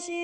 心。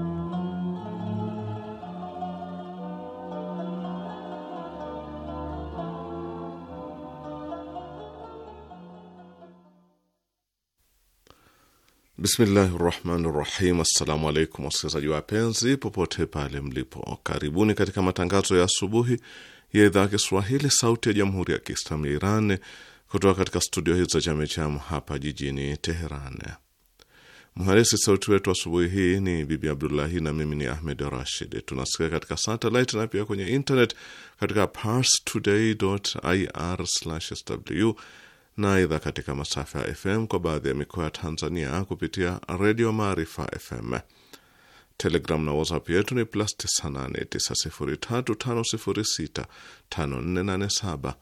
Bismillahi rahmani rahim. Assalamu alaikum wasikilizaji wapenzi, popote pale mlipo, karibuni katika matangazo ya asubuhi ya idhaa ya Kiswahili sauti ya jamhuri ya Kiislamu ya Iran kutoka katika studio hizi za Chamichamu hapa jijini Teheran. mhandisi sauti wetu asubuhi hii ni Bibi Abdullahi na mimi ni Ahmed Rashid. Tunasikia katika satelit na pia kwenye internet katika parstoday ir sw na aidha katika masafa ya FM kwa baadhi ya mikoa ya Tanzania kupitia Redio Maarifa FM. Telegram na WhatsApp yetu ni plus 989035065487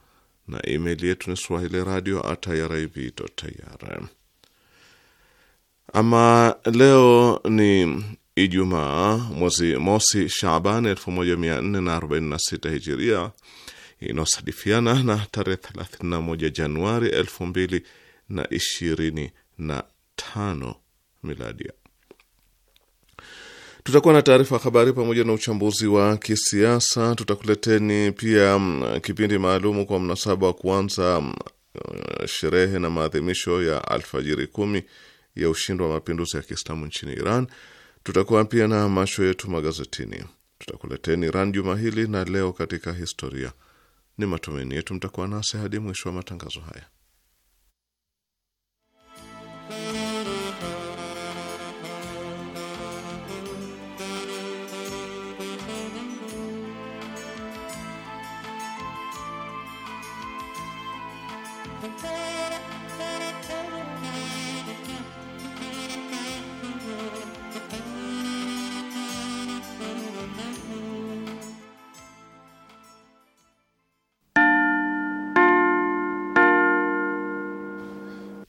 na email yetu ni swahili radio at irib.ir. Ama leo ni Ijumaa, mwezi mosi Shaban 1446 hijiria inayosadifiana na tarehe 31 Januari 2025 miladi. Tutakuwa na taarifa habari pamoja na uchambuzi wa kisiasa. Tutakuleteni pia mm, kipindi maalumu kwa mnasaba wa kuanza mm, sherehe na maadhimisho ya alfajiri kumi ya ushindi wa mapinduzi ya Kiislamu nchini Iran. Tutakuwa pia na macho yetu magazetini. Tutakuleteni Iran juma hili na leo katika historia ni matumaini yetu mtakuwa nasi hadi mwisho wa matangazo haya.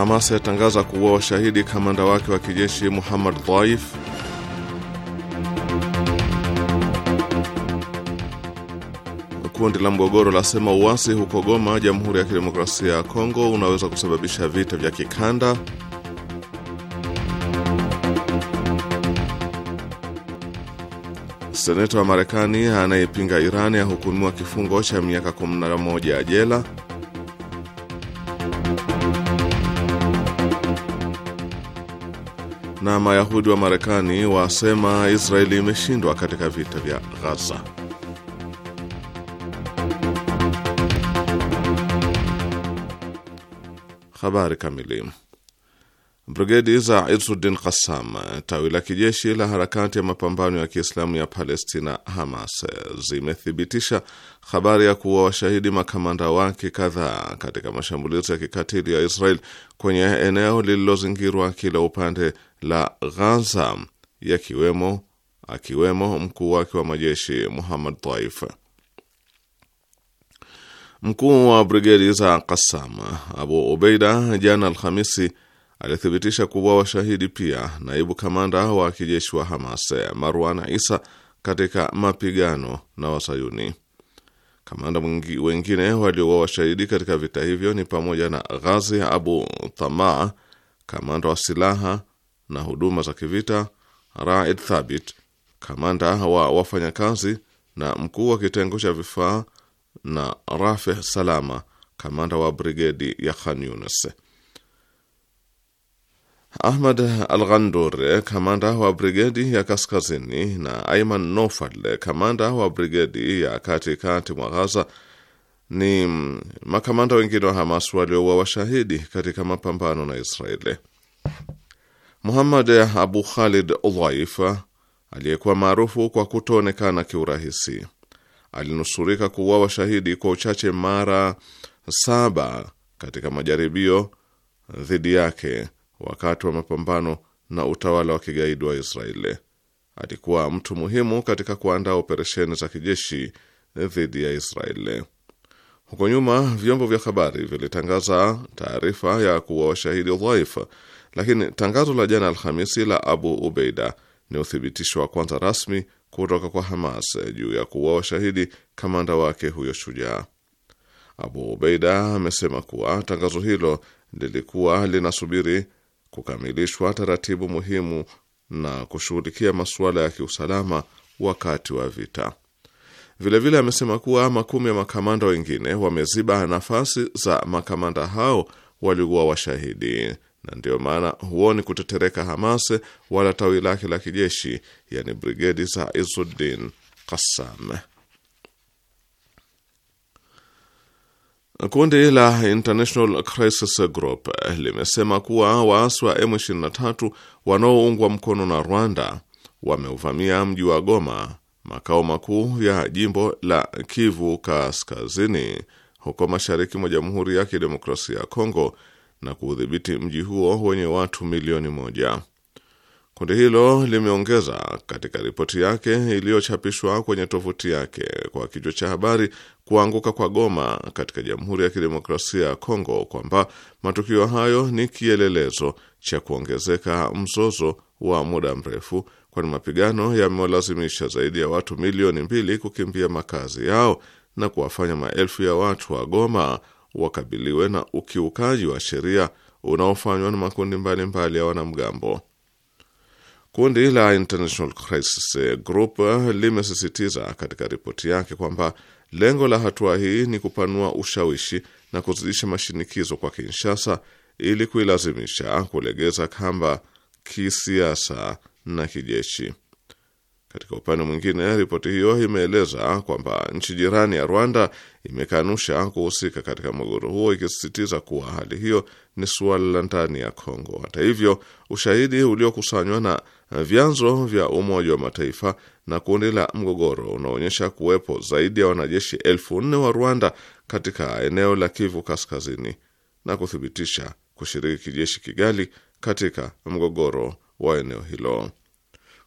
Hamas yatangaza kuwa washahidi kamanda wake wa kijeshi Muhammad Dhaif. Kundi la mgogoro lasema uasi huko Goma, Jamhuri ya Kidemokrasia ya Kongo, unaweza kusababisha vita vya kikanda. Seneta wa Marekani anayepinga Irani ahukumiwa kifungo cha miaka 11 jela. na Mayahudi wa Marekani wasema Israeli imeshindwa katika vita vya Ghaza. Habari kamili. Brigedi za Izzuddin Qassam, tawi la kijeshi la harakati ya mapambano ya Kiislamu ya Palestina, Hamas, zimethibitisha habari ya kuwa washahidi makamanda wake kadhaa katika mashambulizi ya kikatili ya Israel kwenye eneo lililozingirwa kila upande la Ghaza, yakiwemo akiwemo mkuu wake wa majeshi Muhammad Taif. Mkuu wa brigedi za Qassam Abu Ubeida jana Alhamisi alithibitisha kuwa washahidi pia naibu kamanda wa kijeshi wa Hamas Marwan Isa katika mapigano na Wasayuni. Kamanda wengine waliowa washahidi katika vita hivyo ni pamoja na Ghazi Abu Tamaa, kamanda wa silaha na huduma za kivita Raed Thabit, kamanda wa wafanyakazi na mkuu wa kitengo cha vifaa, na Rafe Salama, kamanda wa brigedi ya Khan Yunus. Ahmad Al-Ghandure, kamanda wa brigedi ya kaskazini, na Aiman Nofal, kamanda wa brigedi ya katikati mwa Ghaza ni makamanda wengine wa Hamas waliouawa washahidi katika mapambano na Israeli. Muhammad Abu Khalid Dhaif aliyekuwa maarufu kwa kutoonekana kiurahisi alinusurika kuuawa shahidi kwa uchache mara saba katika majaribio dhidi yake wakati wa mapambano na utawala wa kigaidi wa Israeli. Alikuwa mtu muhimu katika kuandaa operesheni za kijeshi dhidi ya Israeli. Huko nyuma, vyombo vya habari vilitangaza taarifa ya kuwa washahidi Dhaif lakini tangazo la jana Alhamisi la Abu Ubeida ni uthibitisho wa kwanza rasmi kutoka kwa Hamas juu ya kuwa washahidi kamanda wake huyo shujaa. Abu Ubeida amesema kuwa tangazo hilo lilikuwa linasubiri kukamilishwa taratibu muhimu na kushughulikia masuala ya kiusalama wakati wa vita. Vilevile vile amesema kuwa makumi ya makamanda wengine wameziba nafasi za makamanda hao waliokuwa washahidi na ndiyo maana huoni kutetereka Hamas wala tawi lake la kijeshi, yani brigedi za Izuddin Qassam. Kundi la International Crisis Group limesema kuwa waasi wa M23 wanaoungwa mkono na Rwanda wameuvamia mji wa Goma, makao makuu ya jimbo la Kivu Kaskazini, huko mashariki mwa Jamhuri ya Kidemokrasia ya Kongo na kuudhibiti mji huo wenye watu milioni moja. Kundi hilo limeongeza katika ripoti yake iliyochapishwa kwenye tovuti yake kwa kichwa cha habari kuanguka kwa Goma katika Jamhuri ya Kidemokrasia ya Kongo kwamba matukio hayo ni kielelezo cha kuongezeka mzozo wa muda mrefu, kwani mapigano yamewalazimisha zaidi ya watu milioni mbili kukimbia makazi yao na kuwafanya maelfu ya watu wa Goma wakabiliwe na ukiukaji wa sheria unaofanywa na makundi mbalimbali mbali ya wanamgambo. Kundi la International Crisis Group limesisitiza katika ripoti yake kwamba lengo la hatua hii ni kupanua ushawishi na kuzidisha mashinikizo kwa Kinshasa ili kuilazimisha kulegeza kamba kisiasa na kijeshi. Katika upande mwingine, ripoti hiyo imeeleza kwamba nchi jirani ya Rwanda imekanusha kuhusika katika mgogoro huo, ikisisitiza kuwa hali hiyo ni suala la ndani ya Kongo. Hata hivyo, ushahidi uliokusanywa na vyanzo vya Umoja wa Mataifa na kundi la mgogoro unaonyesha kuwepo zaidi ya wanajeshi elfu nne wa Rwanda katika eneo la Kivu Kaskazini na kuthibitisha kushiriki kijeshi Kigali katika mgogoro wa eneo hilo.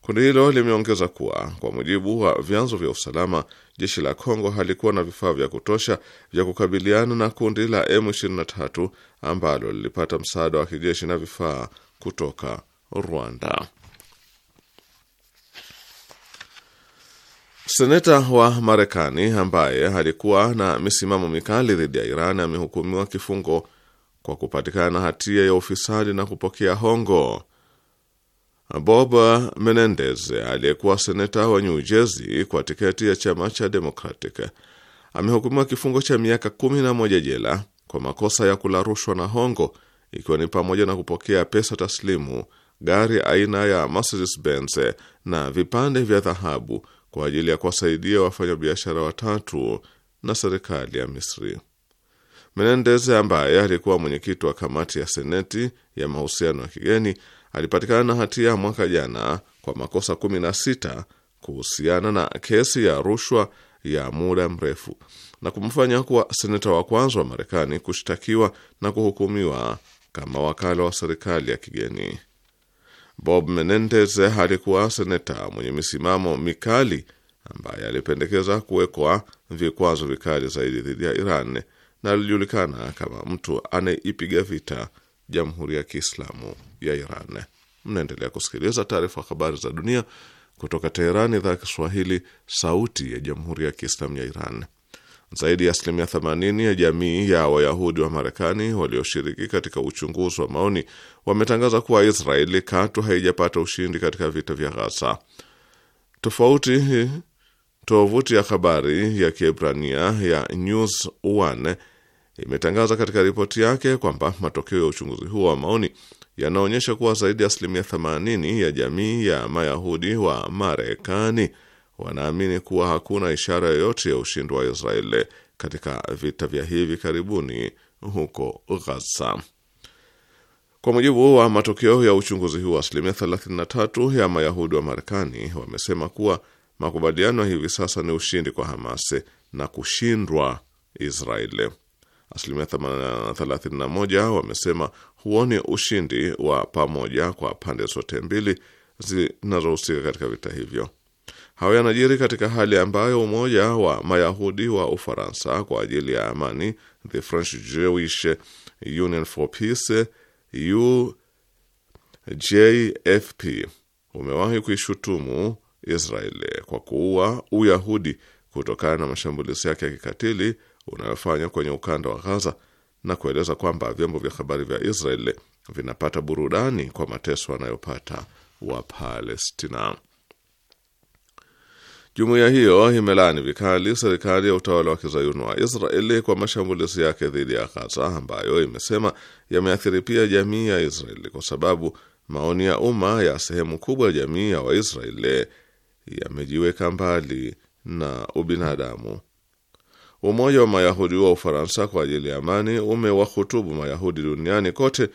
Kundi hilo limeongeza kuwa kwa mujibu wa vyanzo vya usalama, jeshi la Kongo halikuwa na vifaa vya kutosha vya kukabiliana na kundi la M23 ambalo lilipata msaada wa kijeshi na vifaa kutoka Rwanda. Seneta wa Marekani ambaye alikuwa na misimamo mikali dhidi ya Iran amehukumiwa kifungo kwa kupatikana hatia ya ufisadi na kupokea hongo. Bob Menendez aliyekuwa seneta wa New Jersey kwa tiketi ya chama cha Democratic amehukumiwa kifungo cha miaka kumi na moja jela kwa makosa ya kula rushwa na hongo, ikiwa ni pamoja na kupokea pesa taslimu, gari aina ya Mercedes Benz na vipande vya dhahabu kwa ajili ya kuwasaidia wafanyabiashara watatu na serikali ya Misri. Menendez ambaye alikuwa mwenyekiti wa kamati ya seneti ya mahusiano ya kigeni alipatikana na hatia mwaka jana kwa makosa 16 kuhusiana na kesi ya rushwa ya muda mrefu na kumfanya kuwa seneta wa kwanza wa Marekani kushtakiwa na kuhukumiwa kama wakala wa serikali ya kigeni. Bob Menendez alikuwa seneta mwenye misimamo mikali ambaye alipendekeza kuwekwa vikwazo vikali zaidi dhidi ya Iran na alijulikana kama mtu anayeipiga vita Jamhuri ya Kiislamu ya Iran. Mnaendelea kusikiliza taarifa ya habari za dunia kutoka Teherani, idhaa ya Kiswahili, sauti ya Jamhuri ya Kiislamu ya Iran. Zaidi ya asilimia 80 ya jamii ya Wayahudi wa Marekani walioshiriki katika uchunguzi wa maoni wametangaza kuwa Israeli katu haijapata ushindi katika vita vya Ghaza. Tofauti tovuti ya habari ya Kiebrania ya News One imetangaza katika ripoti yake kwamba matokeo ya uchunguzi huo wa maoni yanaonyesha kuwa zaidi ya asilimia 80 ya jamii ya Mayahudi wa Marekani wanaamini kuwa hakuna ishara yoyote ya ushindi wa Israeli katika vita vya hivi karibuni huko Gaza. Kwa mujibu wa matokeo ya uchunguzi huo, asilimia 33 ya Mayahudi wa Marekani wamesema kuwa makubaliano ya hivi sasa ni ushindi kwa Hamas na kushindwa Israeli. Asilimia 31 wamesema huoni ushindi wa pamoja kwa pande zote mbili zinazohusika katika vita hivyo. Hayo yanajiri katika hali ambayo umoja wa Mayahudi wa Ufaransa kwa ajili ya amani, the French Jewish Union for Peace, UJFP, umewahi kuishutumu Israeli kwa kuua Uyahudi kutokana na mashambulizi yake ya kikatili unayofanywa kwenye ukanda wa Ghaza na kueleza kwamba vyombo vya habari vya Israel vinapata burudani kwa mateso wanayopata Wapalestina. Jumuiya hiyo imelaani vikali serikali ya utawala wa kizayuni wa Israeli kwa mashambulizi yake dhidi ya Ghaza ambayo imesema yameathiri pia jamii ya Israeli kwa sababu maoni ya umma ya sehemu kubwa ya jamii ya Waisraeli yamejiweka mbali na ubinadamu Umoja wa Mayahudi wa Ufaransa kwa ajili ya amani umewahutubu Mayahudi duniani kote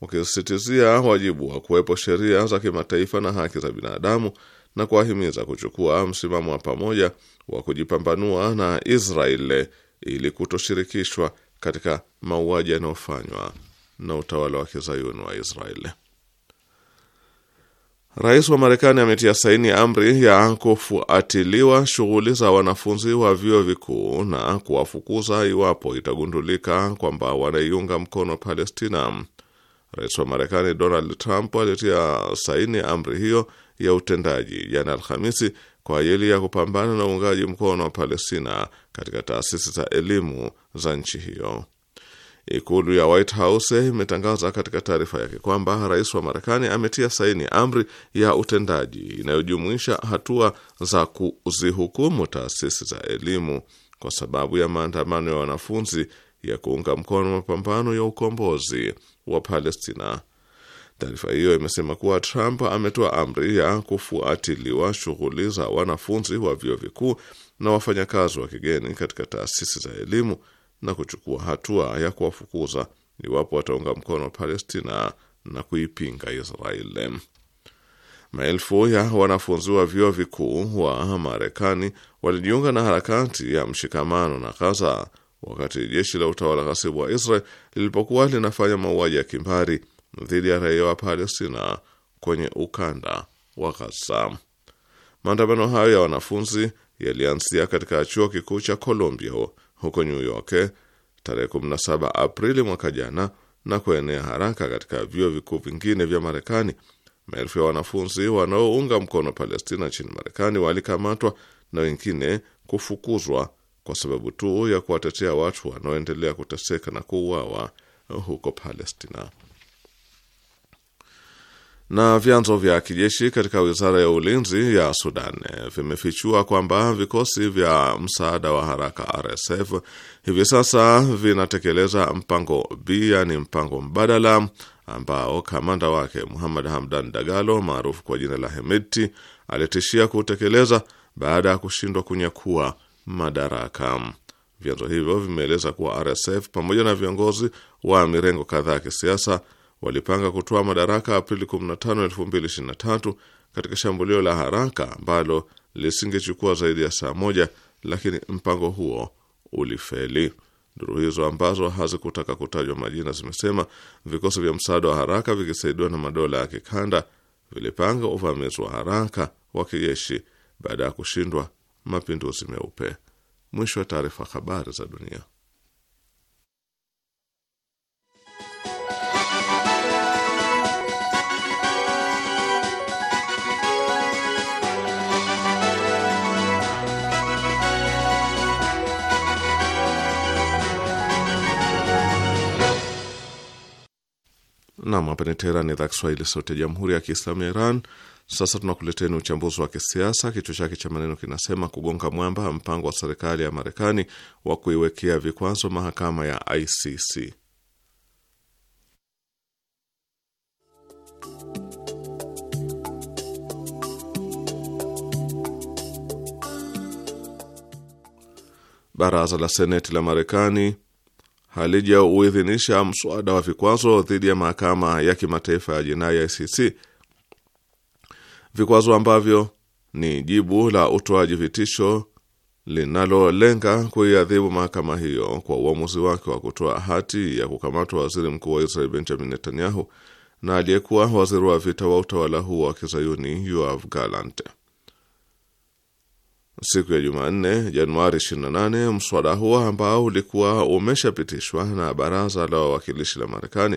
ukisisitizia wajibu wa kuwepo sheria za kimataifa na haki za binadamu na kuwahimiza kuchukua msimamo wa pamoja wa kujipambanua na Israeli ili kutoshirikishwa katika mauaji yanayofanywa na utawala wa kizayuni wa Israeli. Rais wa Marekani ametia saini amri ya kufuatiliwa shughuli za wanafunzi wa vyuo vikuu na kuwafukuza iwapo itagundulika kwamba wanaiunga mkono Palestina. Rais wa Marekani Donald Trump alitia saini amri hiyo ya utendaji jana Alhamisi kwa ajili ya kupambana na uungaji mkono wa Palestina katika taasisi za elimu za nchi hiyo. Ikulu ya White House imetangaza katika taarifa yake kwamba rais wa Marekani ametia saini amri ya utendaji inayojumuisha hatua za kuzihukumu taasisi za elimu kwa sababu ya maandamano ya wanafunzi ya kuunga mkono mapambano ya ukombozi wa Palestina. Taarifa hiyo imesema kuwa Trump ametoa amri ya kufuatiliwa shughuli za wanafunzi wa vyuo vikuu na wafanyakazi wa kigeni katika taasisi za elimu na kuchukua hatua ya kuwafukuza iwapo wataunga mkono Palestina na kuipinga Israeli. Maelfu ya wanafunzi wa vyuo vikuu wa Marekani walijiunga na harakati ya mshikamano na Gaza wakati jeshi la utawala ghasibu wa Israel lilipokuwa linafanya mauaji ya kimbari dhidi ya raia wa Palestina kwenye ukanda wa Gaza. Maandamano hayo ya wanafunzi yalianzia katika chuo kikuu cha Columbia huko New York eh, tarehe 17 Aprili mwaka jana na kuenea haraka katika vyuo vikuu vingine vya Marekani. Maelfu ya wanafunzi wanaounga mkono Palestina nchini Marekani walikamatwa na wengine kufukuzwa kwa sababu tu ya kuwatetea watu wanaoendelea kuteseka na kuuawa huko Palestina. Na vyanzo vya kijeshi katika wizara ya ulinzi ya Sudan eh, vimefichua kwamba vikosi vya msaada wa haraka RSF hivi sasa vinatekeleza mpango B, yani mpango mbadala ambao kamanda wake Muhammad Hamdan Dagalo maarufu kwa jina la hemeti alitishia kutekeleza baada ya kushindwa kunyakua madaraka. Vyanzo hivyo vimeeleza kuwa RSF pamoja na viongozi wa mirengo kadhaa ya kisiasa walipanga kutoa madaraka Aprili 15, 2023 katika shambulio la haraka ambalo lisingechukua zaidi ya saa moja, lakini mpango huo ulifeli. Duru hizo ambazo hazikutaka kutajwa majina zimesema vikosi vya msaada wa haraka vikisaidiwa na madola ya kikanda vilipanga uvamizi wa haraka wa kijeshi baada ya kushindwa mapinduzi meupe. Mwisho wa taarifa. Habari za dunia. Nam, hapa ni Teheran, idhaa Kiswahili, sauti ya jamhuri ya kiislamu ya Iran. Sasa tunakuleteni uchambuzi wa kisiasa, kichwa chake cha maneno kinasema kugonga mwamba mpango wa serikali ya Marekani wa kuiwekea vikwazo mahakama ya ICC. Baraza la Seneti la Marekani halijauidhinisha mswada wa vikwazo dhidi ya mahakama ya kimataifa ya jinai ya ICC, vikwazo ambavyo ni jibu la utoaji vitisho linalolenga kuiadhibu mahakama hiyo kwa uamuzi wake wa kutoa hati ya kukamatwa waziri mkuu wa Israel Benjamin Netanyahu na aliyekuwa waziri wa vita wa utawala huo wa kizayuni Yoav Gallant siku ya Jumanne, Januari 28, mswada huo ambao ulikuwa umeshapitishwa na baraza la wawakilishi la Marekani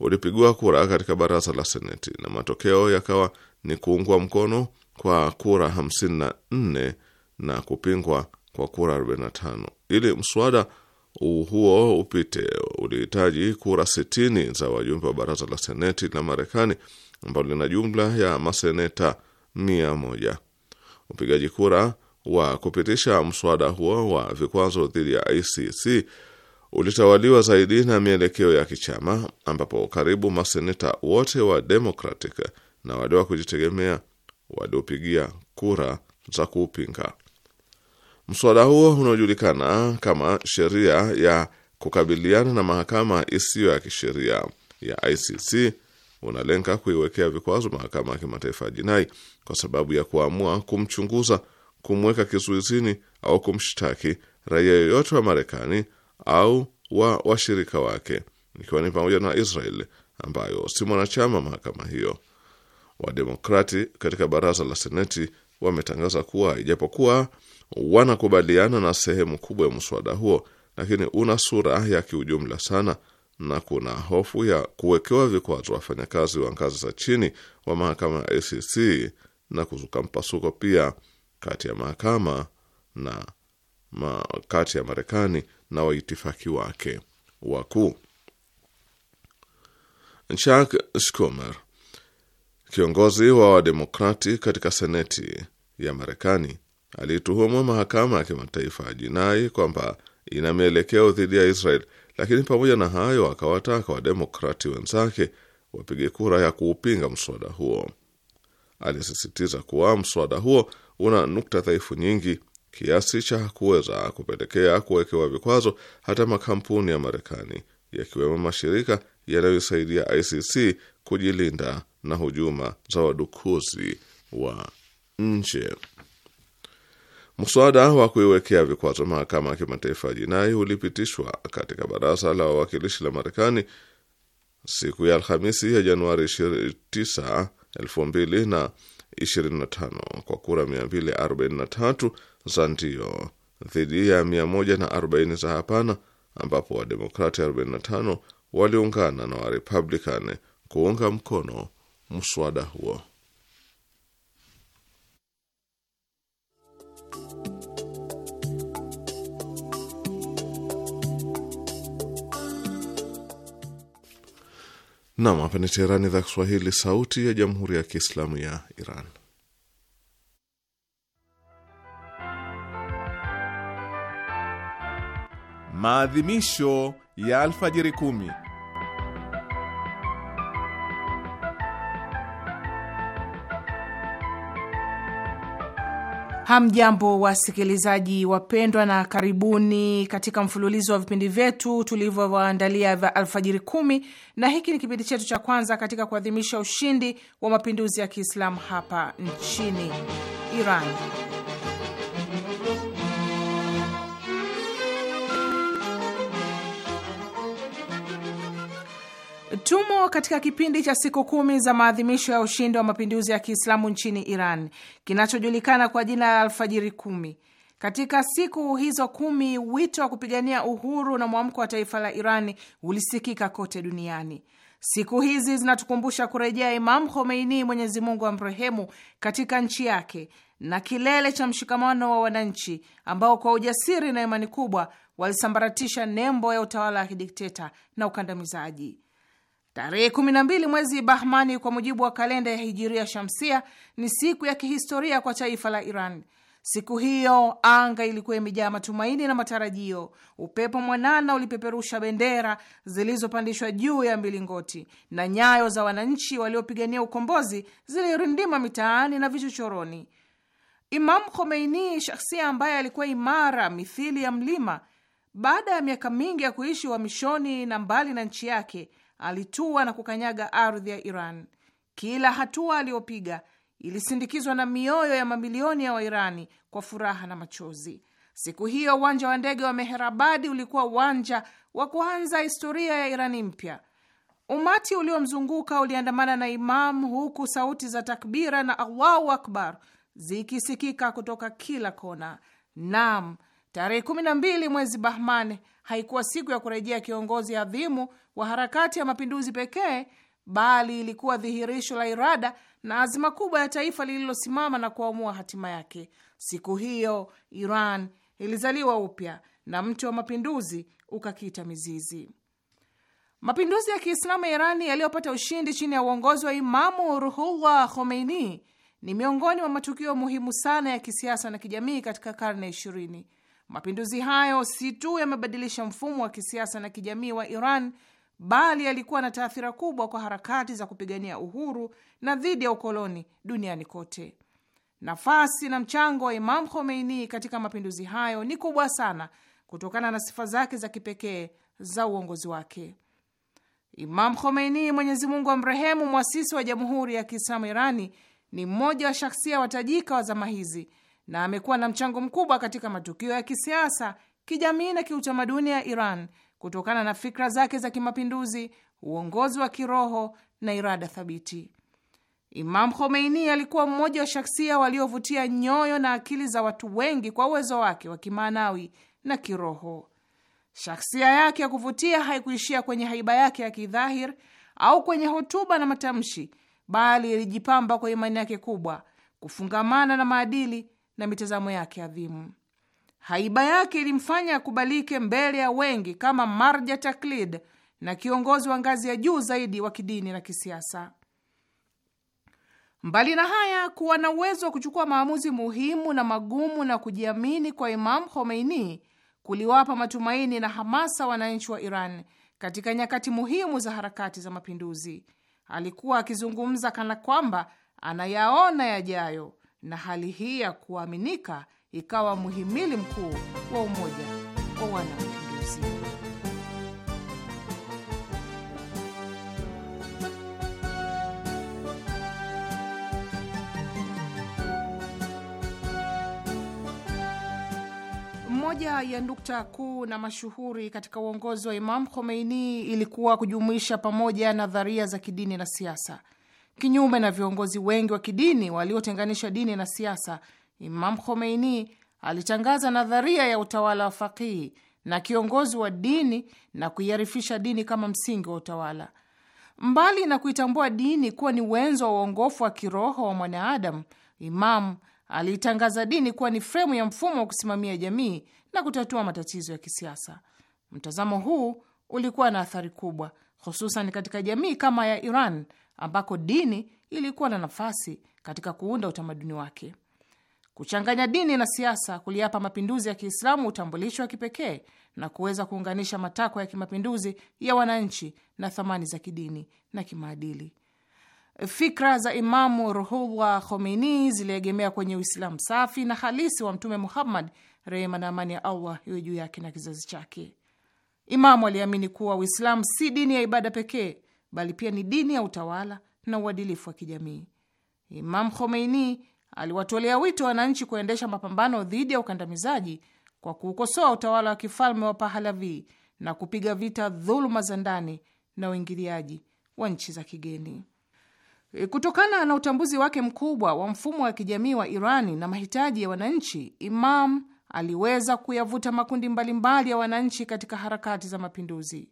ulipigwa kura katika baraza la Seneti na matokeo yakawa ni kuungwa mkono kwa kura 54 na kupingwa kwa kura 45. Ili mswada huo upite, ulihitaji kura 60 za wajumbe wa baraza la Seneti la Marekani ambalo lina jumla ya maseneta 100 upigaji kura wa kupitisha mswada huo wa vikwazo dhidi ya ICC ulitawaliwa zaidi na mielekeo ya kichama, ambapo karibu maseneta wote wa Democratic na wale wa kujitegemea waliopigia kura za kuupinga mswada huo unaojulikana kama sheria ya kukabiliana na mahakama isiyo ya kisheria ya ICC unalenga kuiwekea vikwazo mahakama ya kimataifa ya jinai kwa sababu ya kuamua kumchunguza, kumweka kizuizini au kumshtaki raia yoyote wa Marekani au wa washirika wake, ikiwa ni pamoja na Israel ambayo si mwanachama mahakama hiyo. Wademokrati katika baraza la Seneti wametangaza kuwa ijapokuwa wanakubaliana na sehemu kubwa ya mswada huo, lakini una sura ya kiujumla sana na kuna hofu ya kuwekewa vikwazo wafanyakazi wa ngazi za chini wa mahakama ya acc na kuzuka mpasuko pia kati ya mahakama na ma, kati ya Marekani na waitifaki wake wakuu. Chuck Schumer, kiongozi wa wademokrati katika seneti ya Marekani, alituhumu mahakama ya kimataifa ya jinai kwamba ina mielekeo dhidi ya Israel lakini pamoja na hayo, akawataka wademokrati wenzake wapige kura ya kuupinga mswada huo. Alisisitiza kuwa mswada huo una nukta dhaifu nyingi kiasi cha kuweza kupelekea kuwekewa vikwazo hata makampuni ya Marekani yakiwemo mashirika yanayoisaidia ICC kujilinda na hujuma za wadukuzi wa nje. Mswada wa kuiwekea vikwazo mahakama ya kimataifa ya jinai ulipitishwa katika baraza la wawakilishi la Marekani siku ya Alhamisi ya Januari 29, 2025 kwa kura 243 za ndio dhidi ya 140 za hapana, ambapo Wademokrati 45 waliungana na Warepublican kuunga mkono mswada huo. Nam, hapa ni Teherani, idhaa Kiswahili, sauti ya jamhuri ya kiislamu ya Iran. Maadhimisho ya alfajiri kumi Hamjambo, wasikilizaji wapendwa, na karibuni katika mfululizo wa vipindi vyetu tulivyowaandalia vya Alfajiri Kumi, na hiki ni kipindi chetu cha kwanza katika kuadhimisha ushindi wa mapinduzi ya Kiislamu hapa nchini Iran. Tumo katika kipindi cha siku kumi za maadhimisho ya ushindi wa mapinduzi ya Kiislamu nchini Iran kinachojulikana kwa jina la Alfajiri Kumi. Katika siku hizo kumi, wito wa kupigania uhuru na mwamko wa taifa la Iran ulisikika kote duniani. Siku hizi zinatukumbusha kurejea Imam Khomeini, Mwenyezi Mungu amrehemu, katika nchi yake na kilele cha mshikamano wa wananchi ambao kwa ujasiri na imani kubwa walisambaratisha nembo ya utawala wa kidikteta na ukandamizaji. Tarehe mbili mwezi Bahmani kwa mujibu wa kalenda ya Hijiria Shamsia ni siku ya kihistoria kwa taifa la Iran. Siku hiyo anga ilikuwa imejaa matumaini na matarajio. Upepo mwanana ulipeperusha bendera zilizopandishwa juu ya milingoti na nyayo za wananchi waliopigania ukombozi zilirindima mitaani na vichochoroni. Imam Khomeini, shahsia ambaye alikuwa imara mithili ya mlima, baada ya miaka mingi ya kuishi uhamishoni na mbali na nchi yake alitua na kukanyaga ardhi ya Iran. Kila hatua aliyopiga ilisindikizwa na mioyo ya mamilioni ya Wairani kwa furaha na machozi. Siku hiyo uwanja wa ndege wa Meherabadi ulikuwa uwanja wa kuanza historia ya Irani mpya. Umati uliomzunguka uliandamana na imam huku sauti za takbira na Allahu akbar zikisikika kutoka kila kona. Naam, Tarehe mbili mwezi Bahman haikuwa siku ya kurejea kiongozi adhimu wa harakati ya mapinduzi pekee, bali ilikuwa dhihirisho la irada na azima kubwa ya taifa lililosimama na kuamua hatima yake. Siku hiyo Iran ilizaliwa upya na mti wa mapinduzi ukakita mizizi. Mapinduzi ya Kiislamu ya Irani yaliyopata ushindi chini ya uongozi wa Imamu Ruhullah Khomeini ni miongoni mwa matukio muhimu sana ya kisiasa na kijamii katika karne ya ishirini. Mapinduzi hayo si tu yamebadilisha mfumo wa kisiasa na kijamii wa Iran bali yalikuwa na taathira kubwa kwa harakati za kupigania uhuru na dhidi ya ukoloni duniani kote. Nafasi na mchango wa Imam Khomeini katika mapinduzi hayo ni kubwa sana kutokana na sifa zake za kipekee za uongozi wake. Imam Khomeini, Mwenyezi Mungu amrehemu, mwasisi wa Jamhuri ya Kiislamu Irani, ni mmoja wa shahsia watajika wa zama hizi na amekuwa na mchango mkubwa katika matukio ya kisiasa, kijamii na kiutamaduni ya Iran kutokana na fikra zake za kimapinduzi, uongozi wa kiroho na irada thabiti. Imam Khomeini alikuwa mmoja wa shaksia waliovutia nyoyo na akili za watu wengi kwa uwezo wake wa kimaanawi na kiroho. Shaksia yake ya kuvutia haikuishia kwenye haiba yake ya kidhahir au kwenye hotuba na matamshi, bali ilijipamba kwa imani yake kubwa, kufungamana na maadili na mitazamo yake adhimu. Haiba yake ilimfanya akubalike mbele ya wengi kama marja taklid na kiongozi wa ngazi ya juu zaidi wa kidini na kisiasa. Mbali na haya, kuwa na uwezo wa kuchukua maamuzi muhimu na magumu na kujiamini kwa Imam Khomeini kuliwapa matumaini na hamasa wananchi wa Iran katika nyakati muhimu za harakati za mapinduzi. Alikuwa akizungumza kana kwamba anayaona yajayo na hali hii ya kuaminika ikawa muhimili mkuu wa umoja wa wanamapinduzi. Moja ya nukta kuu na mashuhuri katika uongozi wa Imam Khomeini ilikuwa kujumuisha pamoja nadharia za kidini na siasa. Kinyume na viongozi wengi wa kidini waliotenganisha dini na siasa, Imam Khomeini alitangaza nadharia ya utawala wa fakihi na kiongozi wa dini na kuiarifisha dini kama msingi wa utawala. Mbali na kuitambua dini kuwa ni wenzo wa uongofu wa kiroho wa mwanadamu, Imam aliitangaza dini kuwa ni fremu ya mfumo wa kusimamia jamii na kutatua matatizo ya kisiasa. Mtazamo huu ulikuwa na athari kubwa, hususan katika jamii kama ya Iran ambako dini ilikuwa na nafasi katika kuunda utamaduni wake. Kuchanganya dini na siasa kuliapa mapinduzi ya Kiislamu utambulisho wa kipekee na kuweza kuunganisha matakwa ya kimapinduzi ya wananchi na thamani za kidini na kimaadili. Fikra za Imamu Ruhullah Khomeini ziliegemea kwenye Uislamu safi na halisi wa Mtume Muhammad, rehema na amani ya Allah iwe juu yake na kizazi chake. Imamu aliamini kuwa Uislamu si dini ya ibada pekee bali pia ni dini ya utawala na uadilifu wa kijamii. Imam Khomeini aliwatolea wito wananchi kuendesha mapambano dhidi ya ukandamizaji kwa kuukosoa utawala wa kifalme wa Pahalavi na kupiga vita dhuluma za ndani na uingiliaji wa nchi za kigeni. E, kutokana na utambuzi wake mkubwa wa mfumo wa kijamii wa Irani na mahitaji ya wananchi, Imam aliweza kuyavuta makundi mbalimbali ya wananchi katika harakati za mapinduzi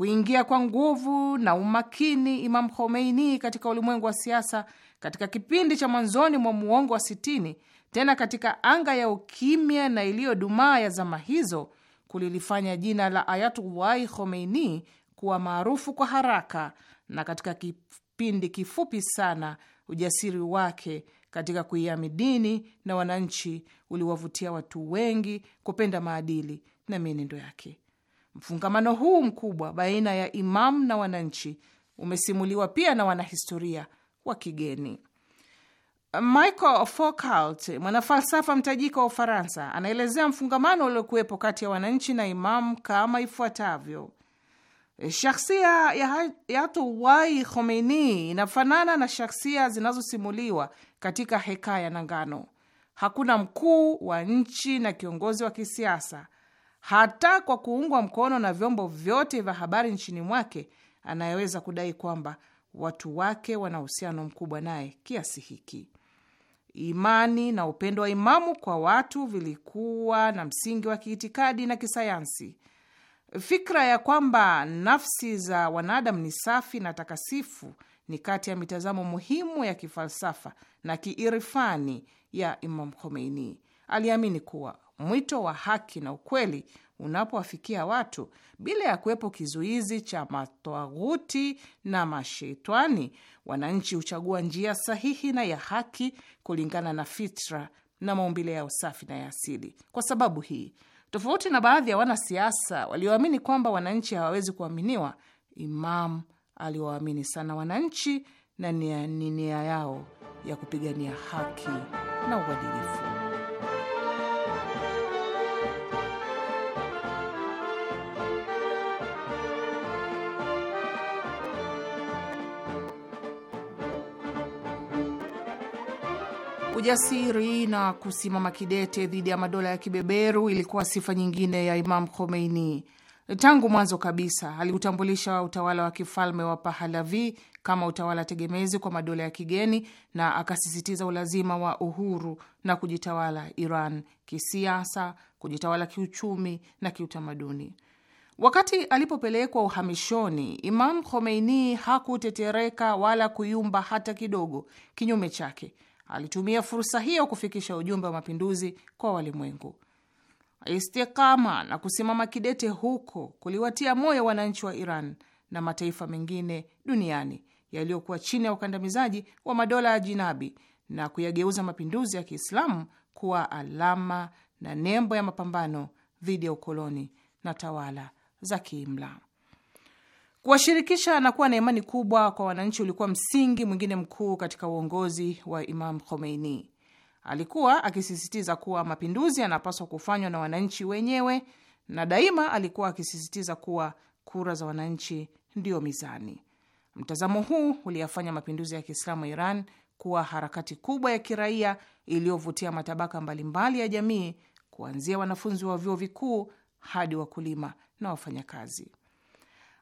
kuingia kwa nguvu na umakini Imam Khomeini katika ulimwengu wa siasa katika kipindi cha mwanzoni mwa muongo wa sitini, tena katika anga ya ukimya na iliyodumaa ya zama hizo kulilifanya jina la Ayatullahi Khomeini kuwa maarufu kwa haraka na katika kipindi kifupi sana. Ujasiri wake katika kuiami dini na wananchi uliwavutia watu wengi kupenda maadili na mienendo yake. Mfungamano huu mkubwa baina ya imam na wananchi umesimuliwa pia na wanahistoria wa kigeni. Michael Foucault, mwanafalsafa mtajika wa Ufaransa, anaelezea mfungamano uliokuwepo kati ya wananchi na imam kama ifuatavyo: Shakhsia ya Ayatollah Khomeini inafanana na shakhsia zinazosimuliwa katika hekaya na ngano. Hakuna mkuu wa nchi na kiongozi wa kisiasa hata kwa kuungwa mkono na vyombo vyote vya habari nchini mwake, anayeweza kudai kwamba watu wake wana uhusiano mkubwa naye kiasi hiki. Imani na upendo wa Imamu kwa watu vilikuwa na msingi wa kiitikadi na kisayansi. Fikra ya kwamba nafsi za wanadamu ni safi na takasifu ni kati ya mitazamo muhimu ya kifalsafa na kiirifani ya Imam Khomeini. Aliamini kuwa mwito wa haki na ukweli unapowafikia watu bila ya kuwepo kizuizi cha matwaguti na mashetani, wananchi huchagua njia sahihi na ya haki kulingana na fitra na maumbile yao safi na ya asili. Kwa sababu hii, tofauti na baadhi ya wanasiasa walioamini kwamba wananchi hawawezi kuaminiwa, Imam aliwaamini sana wananchi na ni nia yao ya kupigania haki na uadilifu. Ujasiri na kusimama kidete dhidi ya madola ya kibeberu ilikuwa sifa nyingine ya Imam Khomeini. Tangu mwanzo kabisa aliutambulisha utawala wa kifalme wa Pahalavi kama utawala tegemezi kwa madola ya kigeni na akasisitiza ulazima wa uhuru na kujitawala Iran kisiasa, kujitawala kiuchumi na kiutamaduni. Wakati alipopelekwa uhamishoni, Imam Khomeini hakutetereka wala kuyumba hata kidogo. Kinyume chake, alitumia fursa hiyo kufikisha ujumbe wa mapinduzi kwa walimwengu. Istikama na kusimama kidete huko kuliwatia moyo wananchi wa Iran na mataifa mengine duniani yaliyokuwa chini ya ukandamizaji wa madola ya jinabi na kuyageuza mapinduzi ya Kiislamu kuwa alama na nembo ya mapambano dhidi ya ukoloni na tawala za kiimla. Kuwashirikisha na kuwa na imani kubwa kwa wananchi ulikuwa msingi mwingine mkuu katika uongozi wa Imam Khomeini. Alikuwa akisisitiza kuwa mapinduzi yanapaswa kufanywa na wananchi wenyewe, na daima alikuwa akisisitiza kuwa kura za wananchi ndiyo mizani. Mtazamo huu uliyafanya mapinduzi ya Kiislamu Iran kuwa harakati kubwa ya kiraia iliyovutia matabaka mbalimbali ya jamii, kuanzia wanafunzi wa vyuo vikuu hadi wakulima na wafanyakazi.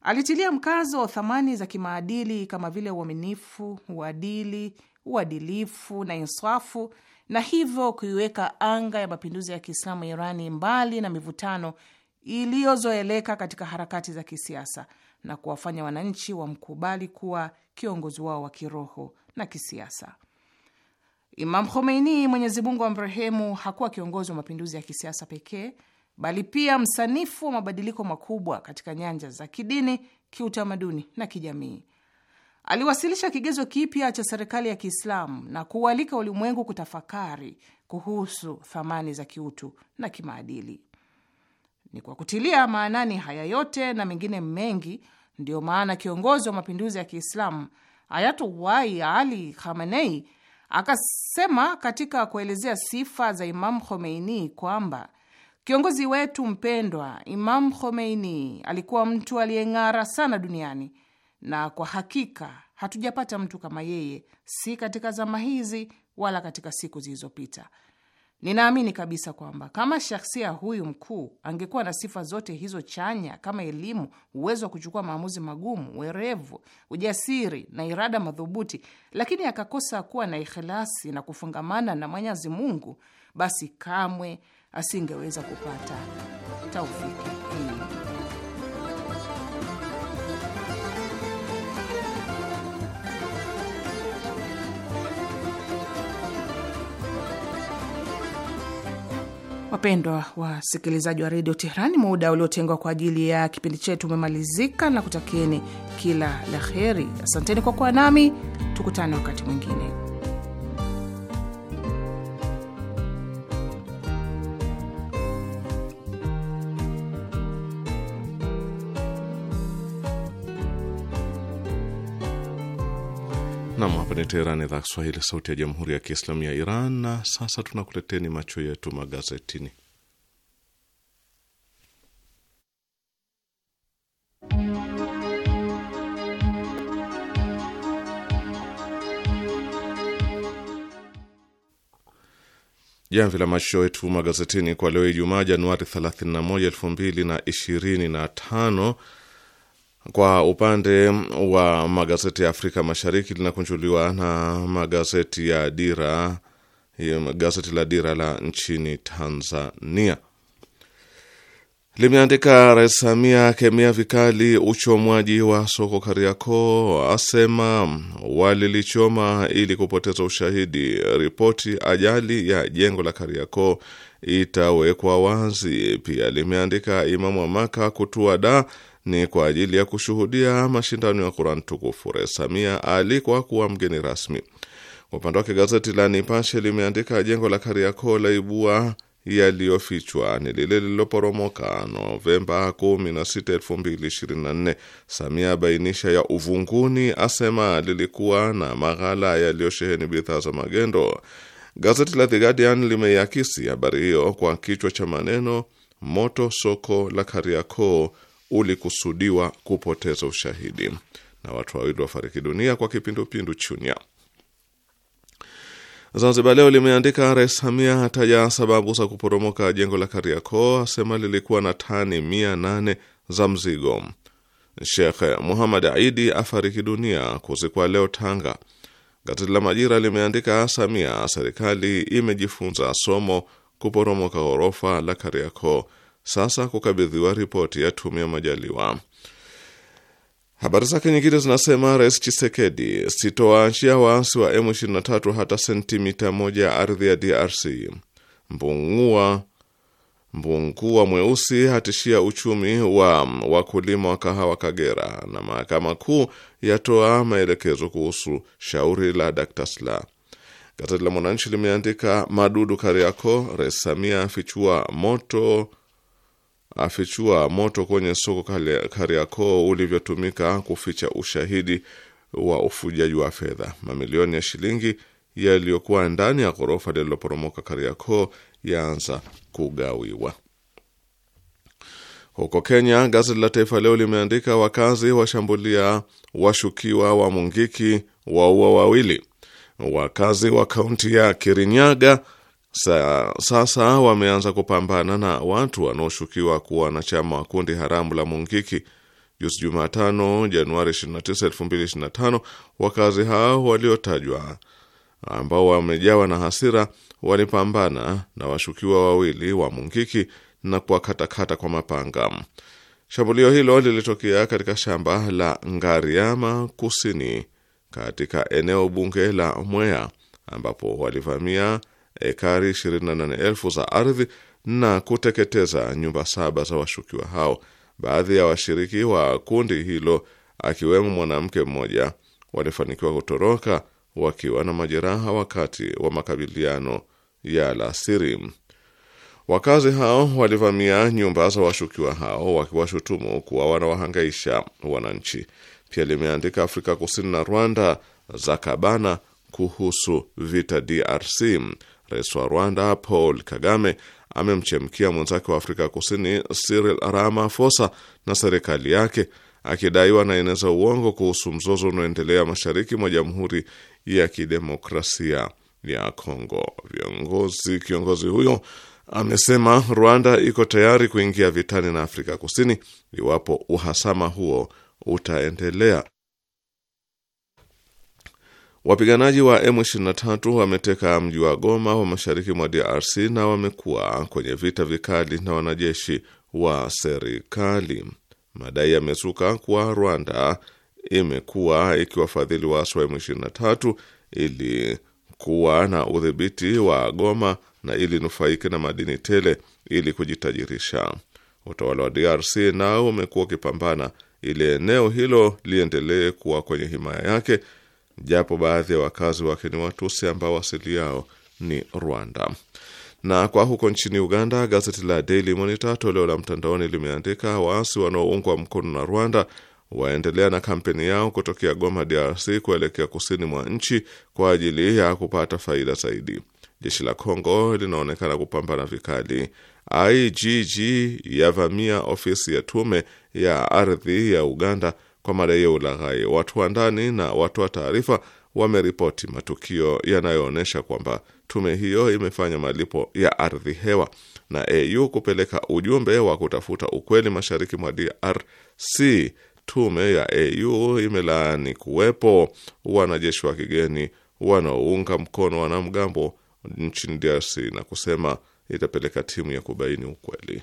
Alitilia mkazo wa thamani za kimaadili kama vile uaminifu, uadili, uadilifu na inswafu na hivyo kuiweka anga ya mapinduzi ya Kiislamu Irani mbali na mivutano iliyozoeleka katika harakati za kisiasa na kuwafanya wananchi wamkubali kuwa kiongozi wao wa kiroho na kisiasa. Imam Khomeini, Mwenyezi Mungu amrehemu, hakuwa kiongozi wa mapinduzi ya kisiasa pekee bali pia msanifu wa mabadiliko makubwa katika nyanja za kidini, kiutamaduni na kijamii. Aliwasilisha kigezo kipya cha serikali ya Kiislamu na kuualika ulimwengu kutafakari kuhusu thamani za kiutu na kimaadili. Ni kwa kutilia maanani haya yote na mengine mengi, ndiyo maana kiongozi wa mapinduzi ya Kiislamu Ayatullahi Ali Khamenei akasema katika kuelezea sifa za Imamu Khomeini kwamba Kiongozi wetu mpendwa Imam Khomeini alikuwa mtu aliyeng'ara sana duniani, na kwa hakika hatujapata mtu kama yeye, si katika zama hizi wala katika siku zilizopita. Ninaamini kabisa kwamba kama shahsia huyu mkuu angekuwa na sifa zote hizo chanya kama elimu, uwezo wa kuchukua maamuzi magumu, werevu, ujasiri na irada madhubuti, lakini akakosa kuwa na ikhilasi na kufungamana na Mwenyezi Mungu, basi kamwe asingeweza kupata taufiki hii. Wapendwa wasikilizaji wa redio Teherani, muda uliotengwa kwa ajili ya kipindi chetu umemalizika na kutakieni kila la heri. Asanteni kwa kuwa nami, tukutane wakati mwingine. Nam, hapa ni Teherani, idhaa Kiswahili, sauti ya jamhuri ya kiislamu ya Iran. Na sasa tunakuleteni macho yetu magazetini. Jamvi la macho yetu magazetini kwa leo Ijumaa, Januari 31, 2025 kwa upande wa magazeti ya Afrika Mashariki linakunjuliwa na magazeti ya Dira, gazeti la Dira la nchini Tanzania limeandika Rais Samia akemea vikali uchomwaji wa soko Kariakoo, asema walilichoma ili kupoteza ushahidi. Ripoti ajali ya jengo la Kariakoo itawekwa wazi. Pia limeandika Imamu wa Maka kutua da ni kwa ajili ya kushuhudia mashindano ya Quran tukufu. Rais Samia alikuwa kuwa mgeni rasmi. Kwa upande wake gazeti la Nipashe limeandika jengo la Kariakoo laibua yaliyofichwa ni lile lililoporomoka Novemba 16, 2024. Samia bainisha ya uvunguni, asema lilikuwa na maghala yaliyosheheni bidhaa za magendo. Gazeti la The Guardian limeiakisi habari hiyo kwa kichwa cha maneno moto soko la Kariakoo ulikusudiwa kupoteza ushahidi, na watu wawili wafariki dunia kwa kipindupindu Chunya. Zanzibar Leo limeandika Rais Samia ataja sababu za kuporomoka jengo la Kariakoo, asema lilikuwa na tani mia nane za mzigo. Shekh Muhammad Aidi afariki dunia, kuzikwa leo Tanga. Gazeti la Majira limeandika Samia, serikali imejifunza somo kuporomoka ghorofa la Kariakoo sasa kukabidhiwa ripoti ya tume ya Majaliwa. Habari zake nyingine zinasema Rais Chisekedi, sitowaachia waasi wa M23 hata sentimita moja ya ardhi ya DRC. Mbungua mbungua mweusi hatishia uchumi wa wakulima wa kahawa Kagera, na mahakama kuu yatoa maelekezo kuhusu shauri la Dr. Sla. Gazeti la Mwananchi limeandika madudu Kariako, Rais Samia afichua moto afichua moto kwenye soko Kariakoo ulivyotumika kuficha ushahidi wa ufujaji wa fedha. Mamilioni ya shilingi yaliyokuwa ndani ya ghorofa lililoporomoka Kariakoo yaanza kugawiwa. Huko Kenya, gazeti la Taifa Leo limeandika wakazi washambulia washukiwa wa Mungiki waua wawili. Wakazi wa kaunti ya Kirinyaga Sa, sasa wameanza kupambana na watu wanaoshukiwa kuwa wanachama wa kundi haramu la Mungiki. Juzi Jumatano, Januari 29, 2025, wakazi hao waliotajwa ambao wamejawa na hasira walipambana na washukiwa wawili wa Mungiki na kuwakatakata kwa mapanga. Shambulio hilo lilitokea katika shamba la Ngariama Kusini katika eneo bunge la Mwea ambapo walivamia ekari 28,000 za ardhi na kuteketeza nyumba saba za washukiwa hao. Baadhi ya washiriki wa kundi hilo akiwemo mwanamke mmoja walifanikiwa kutoroka wakiwa na majeraha wakati wa makabiliano ya alasiri. Wakazi hao walivamia nyumba za washukiwa hao wakiwashutumu kuwa wanawahangaisha wananchi. Pia limeandika Afrika Kusini na Rwanda za kabana kuhusu vita DRC. Rais wa Rwanda Paul Kagame amemchemkia mwenzake wa Afrika Kusini Cyril Ramaphosa na serikali yake akidaiwa anaeneza uongo kuhusu mzozo unaoendelea mashariki mwa Jamhuri ya Kidemokrasia ya Kongo. Viongozi kiongozi huyo amesema Rwanda iko tayari kuingia vitani na Afrika Kusini iwapo uhasama huo utaendelea. Wapiganaji wa M23 wameteka mji wa Goma wa mashariki mwa DRC na wamekuwa kwenye vita vikali na wanajeshi wa serikali. Madai yamezuka kuwa Rwanda imekuwa ikiwafadhili waasi wa M23 ili kuwa na udhibiti wa Goma na ili nufaike na madini tele ili kujitajirisha. Utawala wa DRC nao umekuwa ukipambana ili eneo hilo liendelee kuwa kwenye himaya yake japo baadhi ya wakazi wake ni Watusi ambao asili yao ni Rwanda. Na kwa huko nchini Uganda, gazeti la Daily Monitor toleo la mtandaoni limeandika waasi wanaoungwa mkono na Rwanda waendelea na kampeni yao kutokea Goma, DRC, kuelekea kusini mwa nchi kwa ajili ya kupata faida zaidi. Jeshi la Kongo linaonekana kupambana vikali. IGG yavamia ofisi ya tume ya ardhi ya Uganda kwa madai ya ulaghai. Watu wa ndani na watu wa taarifa wameripoti matukio yanayoonyesha kwamba tume hiyo imefanya malipo ya ardhi hewa na AU kupeleka ujumbe wa kutafuta ukweli mashariki mwa DRC. Tume ya AU imelaani kuwepo wanajeshi wa kigeni wanaounga mkono wanamgambo nchini DRC na kusema itapeleka timu ya kubaini ukweli.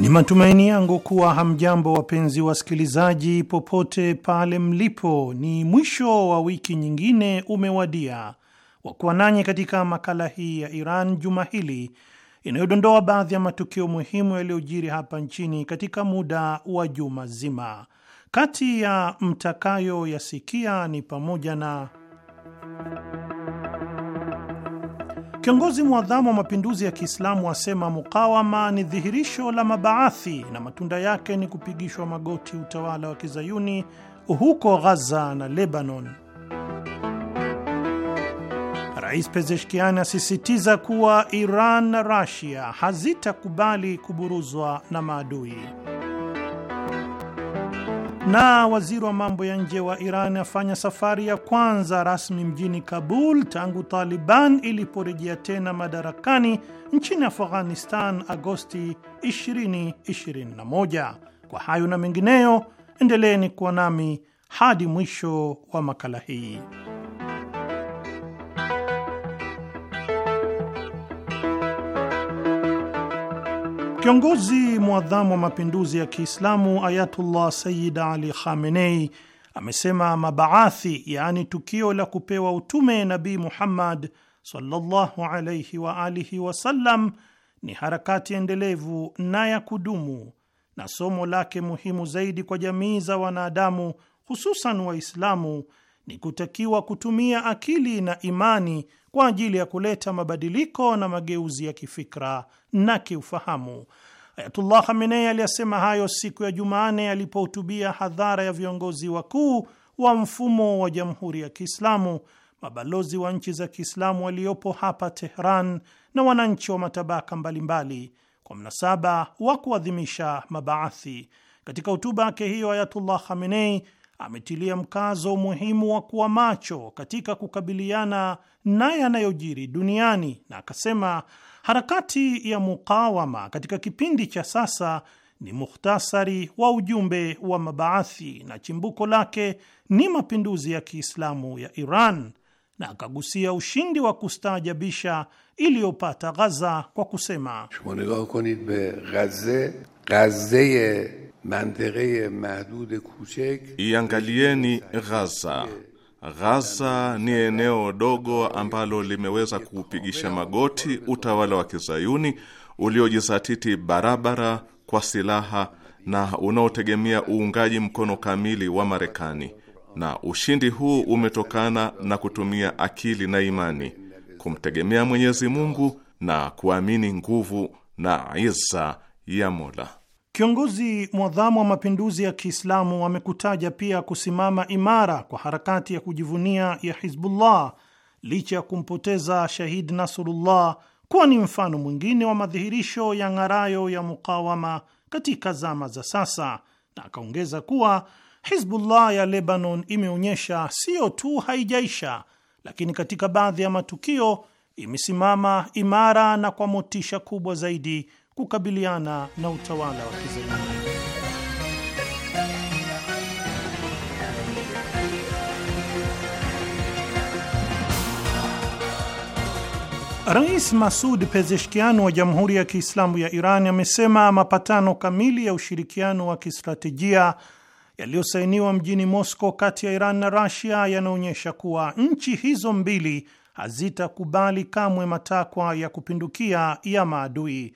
Ni matumaini yangu kuwa hamjambo wapenzi wasikilizaji, popote pale mlipo. Ni mwisho wa wiki nyingine umewadia wa kuwa nanyi katika makala hii ya Iran juma hili inayodondoa baadhi ya matukio muhimu yaliyojiri hapa nchini katika muda wa juma zima. Kati ya mtakayoyasikia ni pamoja na Kiongozi mwadhamu wa mapinduzi ya Kiislamu asema mukawama ni dhihirisho la mabaathi na matunda yake ni kupigishwa magoti utawala wa kizayuni huko Ghaza na Lebanon. Rais Pezeshkian asisitiza kuwa Iran na Rasia hazitakubali kuburuzwa na maadui. Na waziri wa mambo ya nje wa Iran afanya safari ya kwanza rasmi mjini Kabul tangu Taliban iliporejea tena madarakani nchini Afghanistan Agosti 2021. Kwa hayo na mengineyo, endeleeni kuwa nami hadi mwisho wa makala hii. Kiongozi mwadhamu wa mapinduzi ya Kiislamu Ayatullah Sayyid Ali Khamenei amesema mabaathi, yaani tukio la kupewa utume Nabii Muhammad sallallahu alayhi wa alihi wasallam, ni harakati endelevu na ya kudumu na somo lake muhimu zaidi kwa jamii za wanadamu, hususan Waislamu ni kutakiwa kutumia akili na imani kwa ajili ya kuleta mabadiliko na mageuzi ya kifikra na kiufahamu. Ayatullah Khamenei aliyasema hayo siku ya jumanne alipohutubia hadhara ya viongozi wakuu wa mfumo wa Jamhuri ya Kiislamu, mabalozi wa nchi za Kiislamu waliopo hapa Tehran na wananchi wa matabaka mbalimbali kwa mnasaba wa kuadhimisha mabaathi. Katika hotuba yake hiyo, Ayatullah Khamenei ametilia mkazo umuhimu wa kuwa macho katika kukabiliana na yanayojiri duniani na akasema harakati ya mukawama katika kipindi cha sasa ni mukhtasari wa ujumbe wa mabaathi na chimbuko lake ni mapinduzi ya Kiislamu ya Iran, na akagusia ushindi wa kustaajabisha iliyopata Ghaza kwa kusema nigah konid be ghaze غزه منطقه محدود کوچک iangalieni Gaza. Gaza ni eneo dogo ambalo limeweza kuupigisha magoti utawala wa kizayuni uliojizatiti barabara kwa silaha na unaotegemea uungaji mkono kamili wa Marekani, na ushindi huu umetokana na kutumia akili na imani, kumtegemea Mwenyezi Mungu na kuamini nguvu na iza ya Mola. Kiongozi mwadhamu wa mapinduzi ya Kiislamu amekutaja pia kusimama imara kwa harakati ya kujivunia ya Hizbullah licha ya kumpoteza shahid Nasrullah kuwa ni mfano mwingine wa madhihirisho ya ng'arayo ya mukawama katika zama za sasa, na akaongeza kuwa Hizbullah ya Lebanon imeonyesha siyo tu haijaisha, lakini katika baadhi ya matukio imesimama imara na kwa motisha kubwa zaidi kukabiliana na utawala wa kizayuni. Rais Masud Pezeshkian wa Jamhuri ya Kiislamu ya Iran amesema mapatano kamili ya ushirikiano wa kistratejia yaliyosainiwa mjini Moscow kati ya Iran na rasia yanaonyesha kuwa nchi hizo mbili hazitakubali kamwe matakwa ya kupindukia ya maadui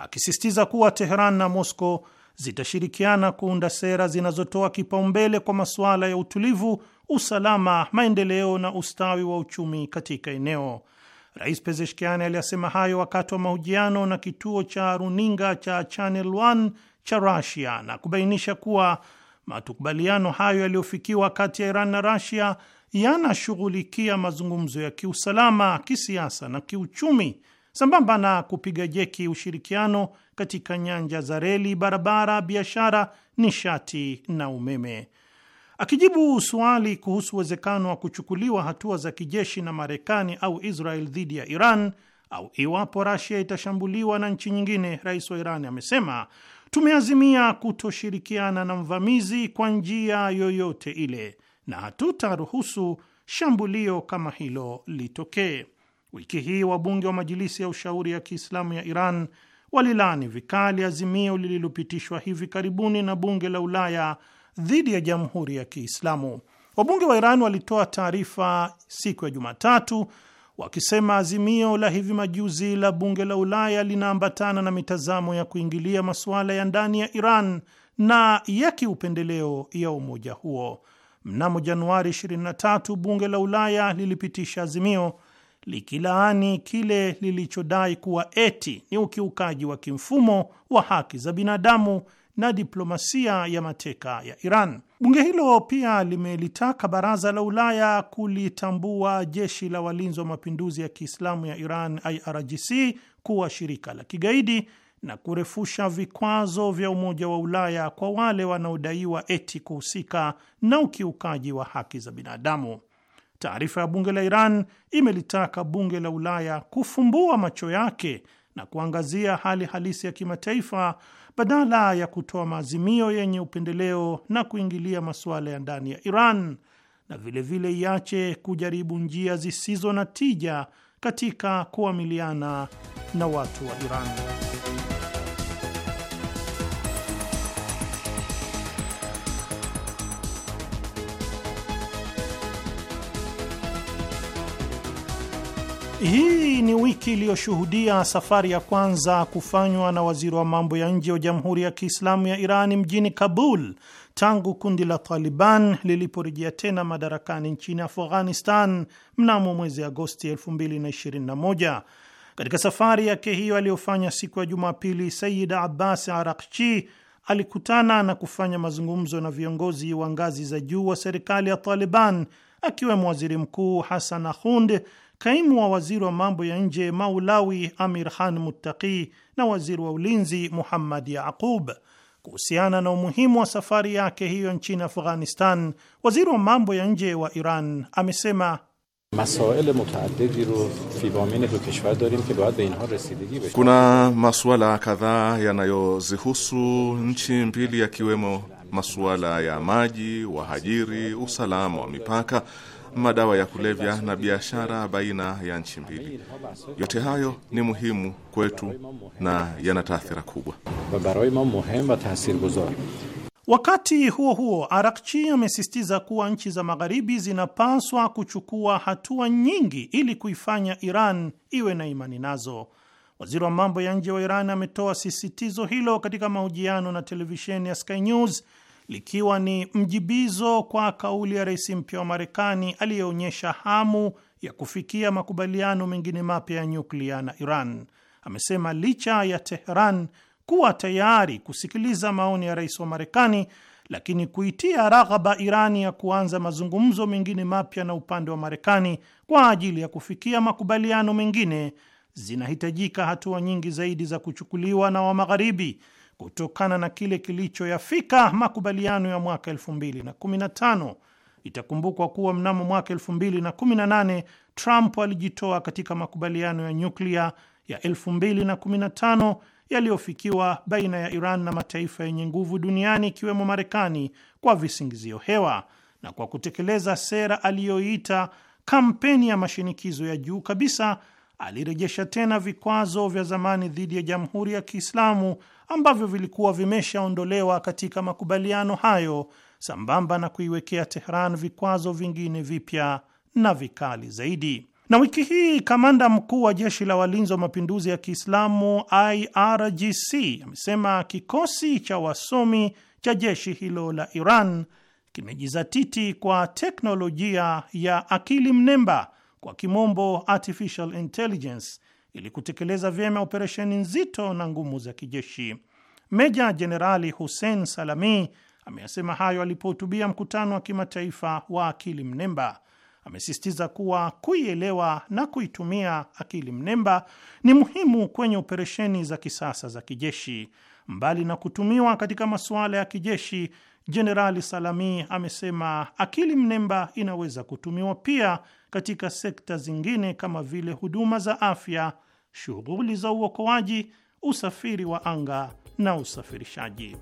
akisisitiza kuwa Teheran na mosco zitashirikiana kuunda sera zinazotoa kipaumbele kwa masuala ya utulivu, usalama, maendeleo na ustawi wa uchumi katika eneo. Rais Pezeshkian aliyasema hayo wakati wa mahojiano na kituo cha runinga cha Channel One cha rasia na kubainisha kuwa matukubaliano hayo yaliyofikiwa kati ya Iran na rasia yanashughulikia mazungumzo ya kiusalama, kisiasa na kiuchumi sambamba na kupiga jeki ushirikiano katika nyanja za reli, barabara, biashara, nishati na umeme. Akijibu suali kuhusu uwezekano wa kuchukuliwa hatua za kijeshi na Marekani au Israel dhidi ya Iran au iwapo Rasia itashambuliwa na nchi nyingine, rais wa Iran amesema tumeazimia kutoshirikiana na mvamizi kwa njia yoyote ile na hatutaruhusu shambulio kama hilo litokee. Wiki hii wabunge wa majilisi ya ushauri ya Kiislamu ya Iran walilaani vikali azimio lililopitishwa hivi karibuni na bunge la Ulaya dhidi ya jamhuri ya Kiislamu. Wabunge wa Iran walitoa taarifa siku ya Jumatatu wakisema azimio la hivi majuzi la bunge la Ulaya linaambatana na mitazamo ya kuingilia masuala ya ndani ya Iran na ya kiupendeleo ya umoja huo. Mnamo Januari 23 bunge la Ulaya lilipitisha azimio likilaani kile lilichodai kuwa eti ni ukiukaji wa kimfumo wa haki za binadamu na diplomasia ya mateka ya Iran. Bunge hilo pia limelitaka baraza la Ulaya kulitambua jeshi la walinzi wa mapinduzi ya Kiislamu ya Iran, IRGC, kuwa shirika la kigaidi na kurefusha vikwazo vya Umoja wa Ulaya kwa wale wanaodaiwa eti kuhusika na ukiukaji wa haki za binadamu. Taarifa ya bunge la Iran imelitaka bunge la Ulaya kufumbua macho yake na kuangazia hali halisi ya kimataifa badala ya kutoa maazimio yenye upendeleo na kuingilia masuala ya ndani ya Iran na vilevile iache kujaribu njia zisizo na tija katika kuamiliana na watu wa Iran. Hii ni wiki iliyoshuhudia safari ya kwanza kufanywa na waziri wa mambo ya nje wa Jamhuri ya Kiislamu ya Iran mjini Kabul tangu kundi la Taliban liliporejea tena madarakani nchini Afghanistan mnamo mwezi Agosti 2021. Katika safari yake hiyo aliyofanya siku ya Jumapili, Sayid Abbas Arakchi alikutana na kufanya mazungumzo na viongozi wa ngazi za juu wa serikali ya Taliban akiwemo waziri mkuu Hasan Ahund kaimu wa waziri wa mambo ya nje Maulawi Amir Khan Muttaqi na waziri wa ulinzi Muhammad Yaqub kuhusiana na umuhimu wa safari yake hiyo nchini Afghanistan. Waziri wa mambo ya nje wa Iran amesema kuna masuala kadhaa yanayozihusu nchi mbili, yakiwemo masuala ya maji, wahajiri, usalama wa mipaka madawa ya kulevya na biashara baina ya nchi mbili. Yote hayo ni muhimu kwetu na yana taathira kubwa. Wakati huo huo, Arakchi amesisitiza kuwa nchi za Magharibi zinapaswa kuchukua hatua nyingi ili kuifanya Iran iwe na imani nazo. Waziri wa mambo ya nje wa Iran ametoa sisitizo hilo katika mahojiano na televisheni ya Sky News likiwa ni mjibizo kwa kauli ya rais mpya wa Marekani aliyeonyesha hamu ya kufikia makubaliano mengine mapya ya nyuklia na Iran. Amesema licha ya Teheran kuwa tayari kusikiliza maoni ya rais wa Marekani, lakini kuitia raghaba Irani ya kuanza mazungumzo mengine mapya na upande wa Marekani kwa ajili ya kufikia makubaliano mengine, zinahitajika hatua nyingi zaidi za kuchukuliwa na wa Magharibi kutokana na kile kilichoyafika makubaliano ya mwaka 2015. Itakumbukwa kuwa mnamo mwaka 2018 Trump alijitoa katika makubaliano ya nyuklia ya 2015 yaliyofikiwa baina ya Iran na mataifa yenye nguvu duniani ikiwemo Marekani kwa visingizio hewa na kwa kutekeleza sera aliyoita kampeni ya mashinikizo ya juu kabisa, alirejesha tena vikwazo vya zamani dhidi ya Jamhuri ya Kiislamu ambavyo vilikuwa vimeshaondolewa katika makubaliano hayo, sambamba na kuiwekea Tehran vikwazo vingine vipya na vikali zaidi. Na wiki hii kamanda mkuu wa jeshi la walinzi wa mapinduzi ya Kiislamu IRGC amesema kikosi cha wasomi cha jeshi hilo la Iran kimejizatiti kwa teknolojia ya akili mnemba, kwa kimombo artificial intelligence ili kutekeleza vyema operesheni nzito na ngumu za kijeshi. Meja Jenerali Hussein Salami ameyasema hayo alipohutubia mkutano wa kimataifa wa akili mnemba. Amesisitiza kuwa kuielewa na kuitumia akili mnemba ni muhimu kwenye operesheni za kisasa za kijeshi. Mbali na kutumiwa katika masuala ya kijeshi, Jenerali Salami amesema akili mnemba inaweza kutumiwa pia katika sekta zingine kama vile huduma za afya, shughuli za uokoaji, usafiri wa anga na usafirishaji.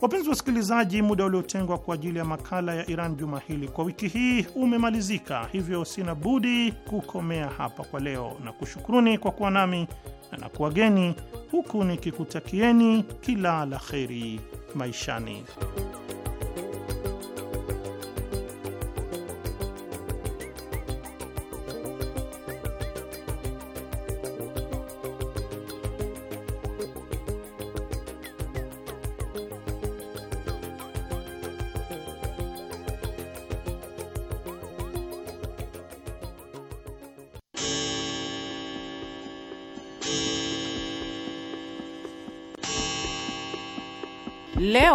Wapenzi wasikilizaji, muda uliotengwa kwa ajili ya makala ya Iran juma hili kwa wiki hii umemalizika, hivyo sina budi kukomea hapa kwa leo na kushukuruni kwa kuwa nami na nakuwageni huku nikikutakieni kila la kheri maishani.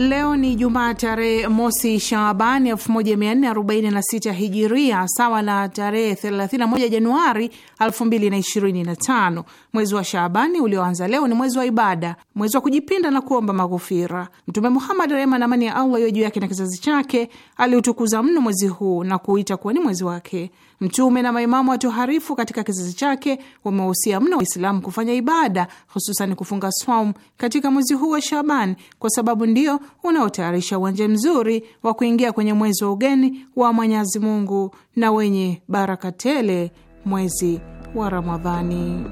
Leo ni Jumaa tarehe mosi Shaabani 1446 Hijiria, sawa na tarehe 31 Januari 2025. Mwezi wa Shaabani ulioanza leo ni mwezi wa ibada, mwezi wa kujipinda na kuomba maghufira. Mtume Muhammad, rehema na amani ya Allah iwe juu yake na kizazi chake, aliutukuza mno mwezi huu na kuita kuwa ni mwezi wake. Mtume na maimamu watoharifu katika kizazi chake wamehusia mno Waislamu kufanya ibada, hususan kufunga swaum katika mwezi huu wa Shaabani, kwa sababu ndiyo unaotayarisha uwanja mzuri wa kuingia kwenye mwezi wa ugeni wa Mwenyezi Mungu na wenye baraka tele, mwezi wa Ramadhani.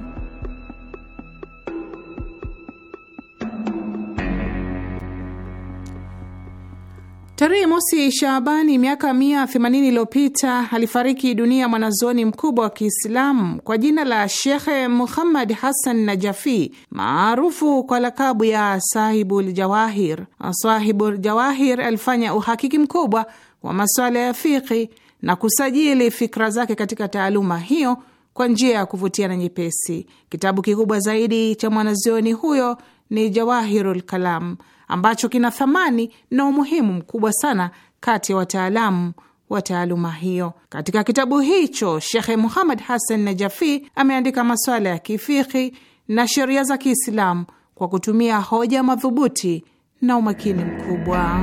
Tarehe mosi Shaabani miaka mia themanini iliyopita alifariki dunia mwanazoni mkubwa wa Kiislamu kwa jina la Shekhe Muhammad Hassan Najafi, maarufu kwa lakabu ya Sahibul Jawahir. Sahibul Jawahir alifanya uhakiki mkubwa wa masuala ya fiqhi na kusajili fikra zake katika taaluma hiyo kwa njia ya kuvutia na nyepesi. Kitabu kikubwa zaidi cha mwanazuoni huyo ni Jawahirul Kalam ambacho kina thamani na umuhimu mkubwa sana kati ya wataalamu wa taaluma hiyo. Katika kitabu hicho, Shekhe Muhammad Hassan Najafi ameandika masuala ya kifikhi na sheria za Kiislamu kwa kutumia hoja madhubuti na umakini mkubwa.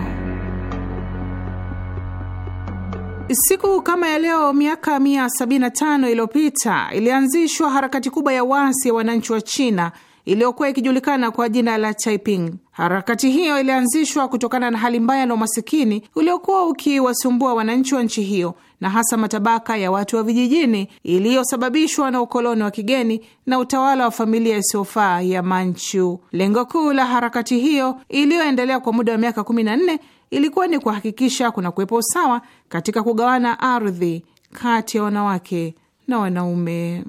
Siku kama ya leo miaka 175 iliyopita ilianzishwa harakati kubwa ya wasi ya wananchi wa China iliyokuwa ikijulikana kwa jina la Taiping. Harakati hiyo ilianzishwa kutokana na hali mbaya na umasikini uliokuwa ukiwasumbua wananchi wa nchi hiyo na hasa matabaka ya watu wa vijijini, iliyosababishwa na ukoloni wa kigeni na utawala wa familia isiyofaa ya Manchu. Lengo kuu la harakati hiyo iliyoendelea kwa muda wa miaka 14 ilikuwa ni kuhakikisha kuna kuwepo usawa katika kugawana ardhi kati ya wanawake na wanaume.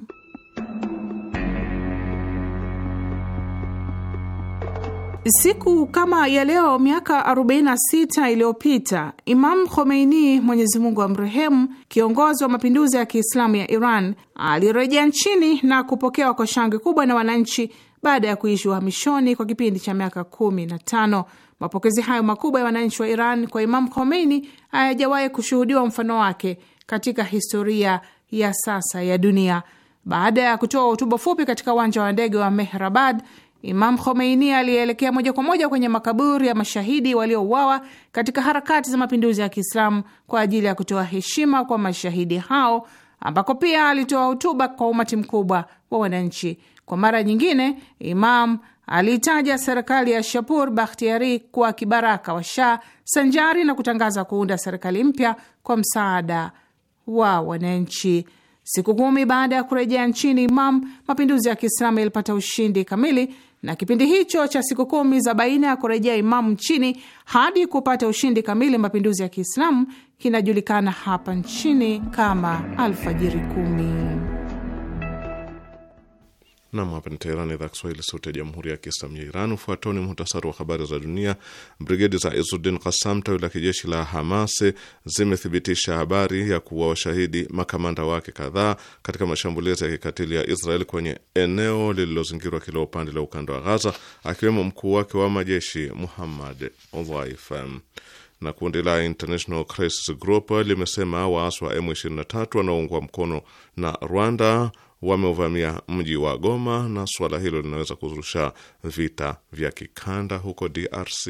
Siku kama ya leo miaka 46 iliyopita Imam Khomeini, Mwenyezi Mungu amrehemu, kiongozi wa mapinduzi ya Kiislamu ya Iran, alirejea nchini na kupokewa kwa shangwe kubwa na wananchi baada ya kuishi uhamishoni kwa kipindi cha miaka 15. Mapokezi hayo makubwa ya wananchi wa Iran kwa Imam Khomeini hayajawahi kushuhudiwa mfano wake katika historia ya sasa ya dunia. Baada ya kutoa hotuba fupi katika uwanja wa ndege wa Mehrabad Imam Khomeini alielekea moja kwa moja kwenye makaburi ya mashahidi waliouawa katika harakati za mapinduzi ya Kiislamu kwa ajili ya kutoa heshima kwa mashahidi hao, ambako pia alitoa hotuba kwa umati mkubwa wa wananchi. Kwa mara nyingine, Imam aliitaja serikali ya Shapur Bakhtiari kuwa kibaraka wa Shah sanjari na kutangaza kuunda serikali mpya kwa msaada wa wananchi. Siku kumi baada ya kurejea nchini Imam, mapinduzi ya Kiislamu yalipata ushindi kamili na kipindi hicho cha siku kumi za baina ya kurejea Imamu nchini hadi kupata ushindi kamili mapinduzi ya Kiislamu kinajulikana hapa nchini kama Alfajiri Kumi. Nam, hapa ni Teherani, idhaa Kiswahili, sauti ya jamhuri ya kiislamu ya Iran. Ufuatao ni muhtasari wa habari za dunia. Brigedi za Izudin Kasam, tawi la kijeshi la Hamas, zimethibitisha habari ya kuwa washahidi makamanda wake kadhaa katika mashambulizi ya kikatili ya Israel kwenye eneo lililozingirwa kila upande la ukanda wa Ghaza, akiwemo mkuu wake wa majeshi Muhammad Dhaif na kundi la International Crisis Group limesema waasi wa M23 wanaoungwa mkono na Rwanda wameuvamia mji wa Goma na suala hilo linaweza kuzusha vita vya kikanda huko DRC.